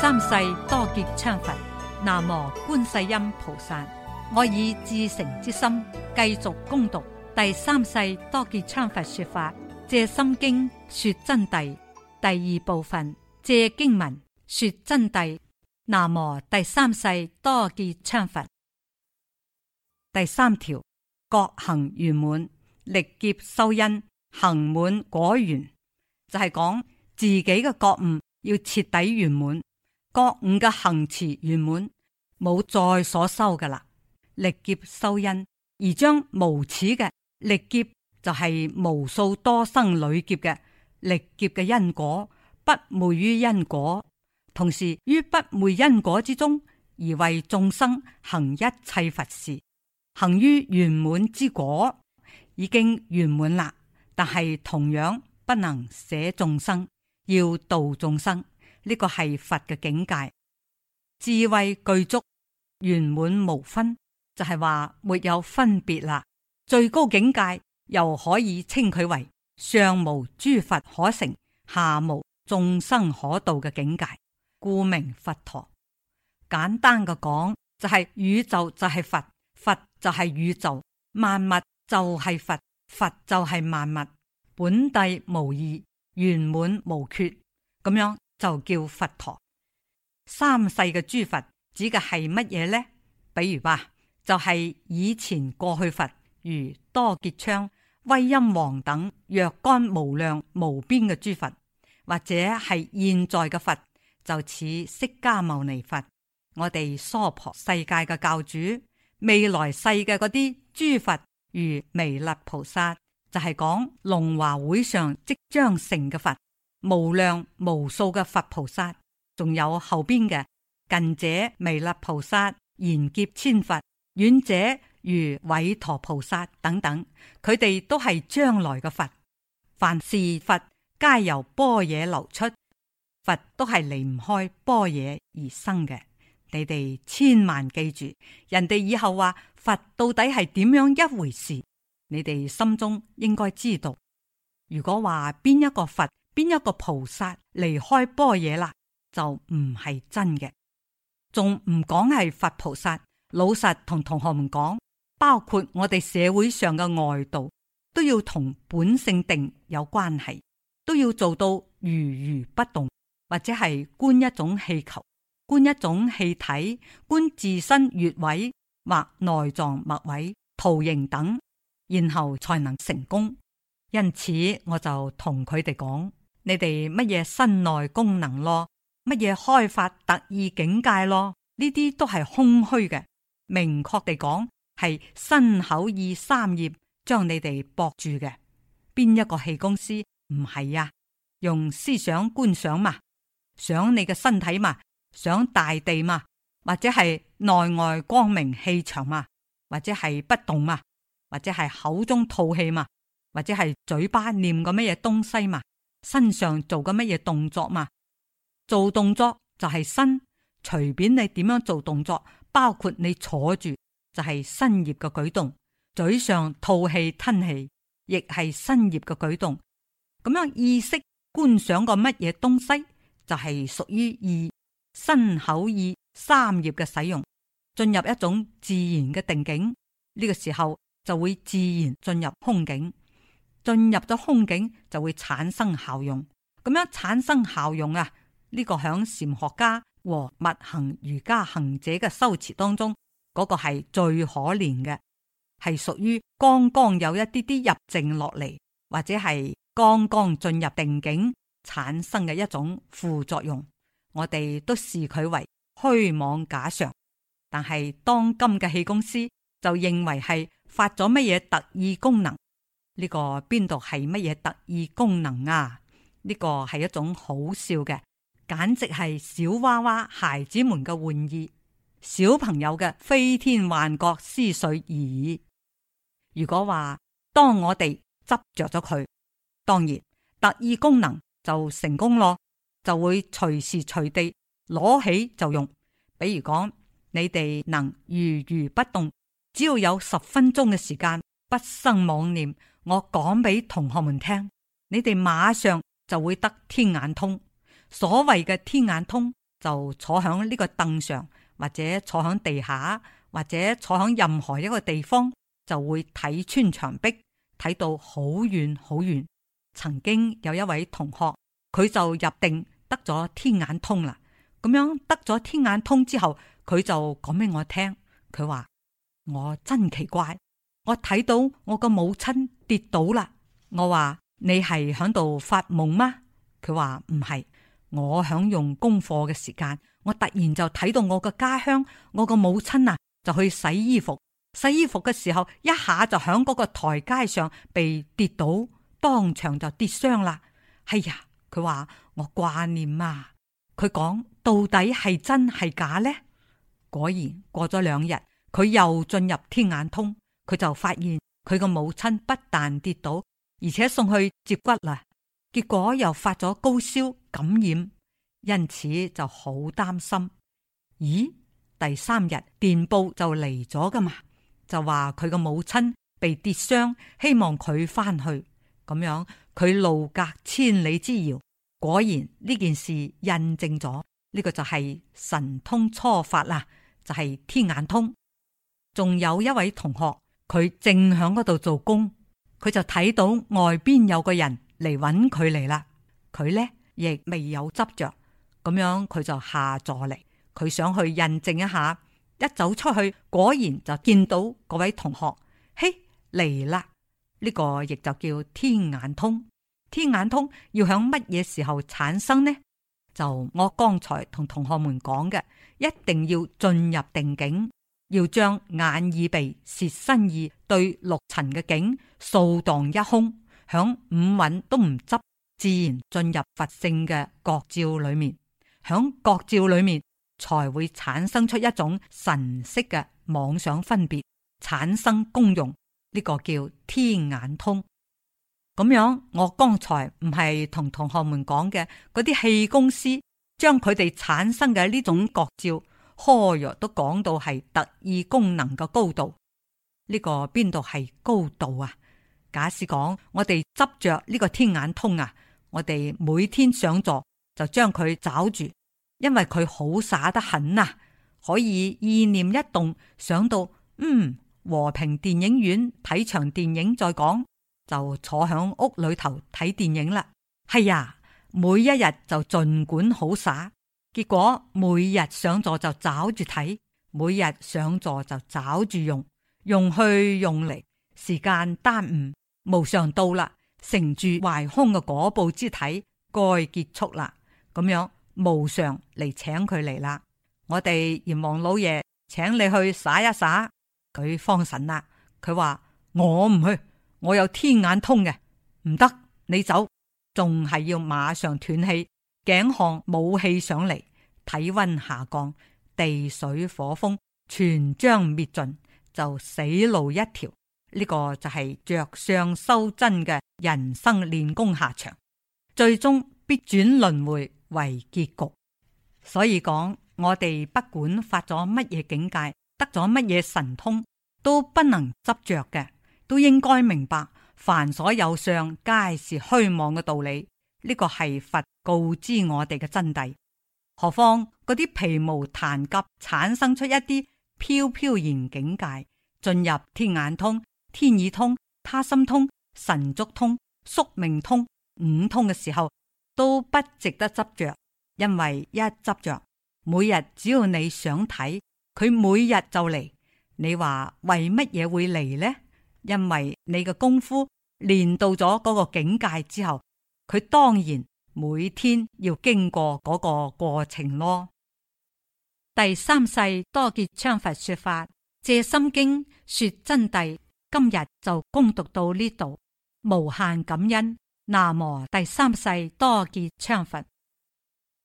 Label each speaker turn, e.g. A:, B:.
A: 三世多杰羌佛，南無觀世音菩薩。我以至誠之心繼續恭讀第三世多杰羌佛說法，借心經說真諦第二部分，借經文說真諦。南無第三世多杰羌佛。第三條，覺行圓滿，力劫修因，行滿果圓，就係、是、講自己嘅覺悟要徹底圓滿。各五嘅行持圓滿，冇再所修噶啦。力劫收因，而將無始嘅力劫就係、是、無數多生累劫嘅力劫嘅因果不昧於因果，同時於不昧因果之中而為眾生行一切佛事，行於圓滿之果已經圓滿啦，但係同樣不能捨眾生，要度眾生。呢個係佛嘅境界，智慧具足，圓滿無分，就係話沒有分別啦。最高境界又可以稱佢為上無諸佛可成，下無眾生可度嘅境界，故名佛陀。簡單嘅講，就係宇宙就係佛，佛就係宇宙，萬物就係佛，佛就係萬物，本體無二，圓滿無缺，咁樣。就叫佛陀，三世嘅諸佛指嘅係乜嘢呢？比如話，就係以前過去佛，如多杰羌、威音王等，若干無量無邊嘅諸佛，或者係現在嘅佛，就似釋迦牟尼佛，我哋娑婆世界嘅教主，未來世嘅嗰啲諸佛，如彌勒菩薩，就係講龍華會上即將成嘅佛。無量無數嘅佛菩薩，仲有後邊嘅近者彌勒菩薩，賢劫千佛，遠者如韋陀菩薩等等，佢哋都係將來嘅佛。凡是佛，皆由般若流出，佛都係離唔開般若而生嘅。你哋千萬記住，人哋以後話佛到底係點樣一回事，你哋心中應該知道。如果話邊一個佛，邊一個菩薩離開波野啦，就唔係真嘅，仲唔講係佛菩薩？老實同同學們講，包括我哋社會上嘅外道，都要同本性定有關係，都要做到如如不動，或者係觀一種氣球，觀一種氣體，觀自身穴位或內臟脈位、圖形等，然後才能成功。因此，我就同佢哋講。你哋乜嘢身內功能咯？乜嘢開發特異境界咯？呢啲都係空虛嘅。明確地講，係身口意三業將你哋搏住嘅。邊一個氣公司唔係啊？用思想觀想嘛，想你嘅身體嘛，想大地嘛，或者係內外光明氣場嘛，或者係不動嘛，或者係口中吐氣嘛，或者係嘴巴念個乜嘢東西嘛？身上做嘅乜嘢動作嘛？做動作就係身，隨便你點樣做動作，包括你坐住就係身業嘅舉動；嘴上吐氣吞氣，亦係身業嘅舉動。咁樣意識觀賞個乜嘢東西，就係屬於意身口意三業嘅使用，進入一種自然嘅定境。呢個時候就會自然進入空境。進入咗空境就會產生效用，咁樣產生效用啊！呢、這個喺禪學家和密行瑜伽行者嘅修持當中，嗰、這個係最可憐嘅，係屬於剛剛有一啲啲入靜落嚟，或者係剛剛進入定境產生嘅一種副作用。我哋都視佢為虛妄假常。但係當今嘅氣功師就認為係發咗乜嘢特異功能。呢個邊度係乜嘢特異功能啊？呢、這個係一種好笑嘅，簡直係小娃娃、孩子們嘅玩意，小朋友嘅飛天幻覺思緒而已。如果話當我哋執着咗佢，當然特異功能就成功咯，就會隨時隨地攞起就用。比如講，你哋能如如不動，只要有十分鐘嘅時間，不生妄念。我講俾同學們聽，你哋馬上就會得天眼通。所謂嘅天眼通，就坐響呢個凳上，或者坐響地下，或者坐響任何一個地方，就會睇穿牆壁，睇到好遠好遠。曾經有一位同學，佢就入定得咗天眼通啦。咁樣得咗天眼通之後，佢就講俾我聽，佢話我真奇怪。我睇到我個母親跌倒啦。我話你係響度發夢嗎？佢話唔係，我響用功課嘅時間，我突然就睇到我個家鄉，我個母親啊，就去洗衣服。洗衣服嘅時候，一下就響嗰個台階上被跌倒，當場就跌傷啦。哎呀，佢話我掛念啊。佢講到底係真係假呢？果然過咗兩日，佢又進入天眼通。佢就發現佢個母親不但跌倒，而且送去接骨啦，結果又發咗高燒感染，因此就好擔心。咦？第三日電報就嚟咗噶嘛，就話佢個母親被跌傷，希望佢翻去咁樣。佢路隔千里之遙，果然呢件事印證咗呢個就係神通初法啦，就係天眼通。仲有一位同學。佢正響嗰度做工，佢就睇到外邊有個人嚟揾佢嚟啦。佢呢亦未有執着，咁樣佢就下坐嚟，佢想去印證一下。一走出去，果然就見到嗰位同學，嘿嚟啦！呢個亦就叫天眼通。天眼通要響乜嘢時候產生呢？就我剛才同同學們講嘅，一定要進入定境。要將眼耳鼻舌身意對六塵嘅境掃蕩一空，響五蘊都唔執，自然進入佛性嘅覺照裏面。響覺照裏面，才會產生出一種神識嘅妄想分別，產生功用。呢個叫天眼通。咁樣，我剛才唔係同同學們講嘅嗰啲氣功師，將佢哋產生嘅呢種覺照。科學都講到係特異功能嘅高度，呢、這個邊度係高度啊？假使講我哋執着呢個天眼通啊，我哋每天上座就將佢找住，因為佢好耍得很啊！可以意念一動，想到嗯和平電影院睇場電影再講，就坐響屋裏頭睇電影啦。係啊，每一日就盡管好耍。結果每日上座就找住睇，每日上座就找住，住用，用去用嚟，時間耽誤，無常到啦，成住壞空嘅果報之體，該結束啦。咁樣無常嚟請佢嚟啦，我哋閻王老爺請你去耍一耍，佢慌神啦，佢話我唔去，我有天眼通嘅，唔得，你走，仲係要馬上斷氣。頸項冇氣上嚟，體溫下降，地水火風全將滅盡，就死路一條。呢、這個就係着相修真嘅人生練功下場，最終必轉輪迴為結局。所以講，我哋不管發咗乜嘢境界，得咗乜嘢神通，都不能執着嘅，都應該明白凡所有相，皆是虛妄嘅道理。呢個係佛告知我哋嘅真諦，何況嗰啲皮毛談及產生出一啲飄飄然境界，進入天眼通、天耳通、他心通、神足通、宿命通五通嘅時候，都不值得執着，因為一執着，每日只要你想睇，佢每日就嚟。你話為乜嘢會嚟呢？因為你嘅功夫練到咗嗰個境界之後。佢當然每天要經過嗰個過程咯。第三世多杰羌佛說法《藉心經》說真諦，今日就恭讀到呢度，無限感恩。南無第三世多杰羌佛。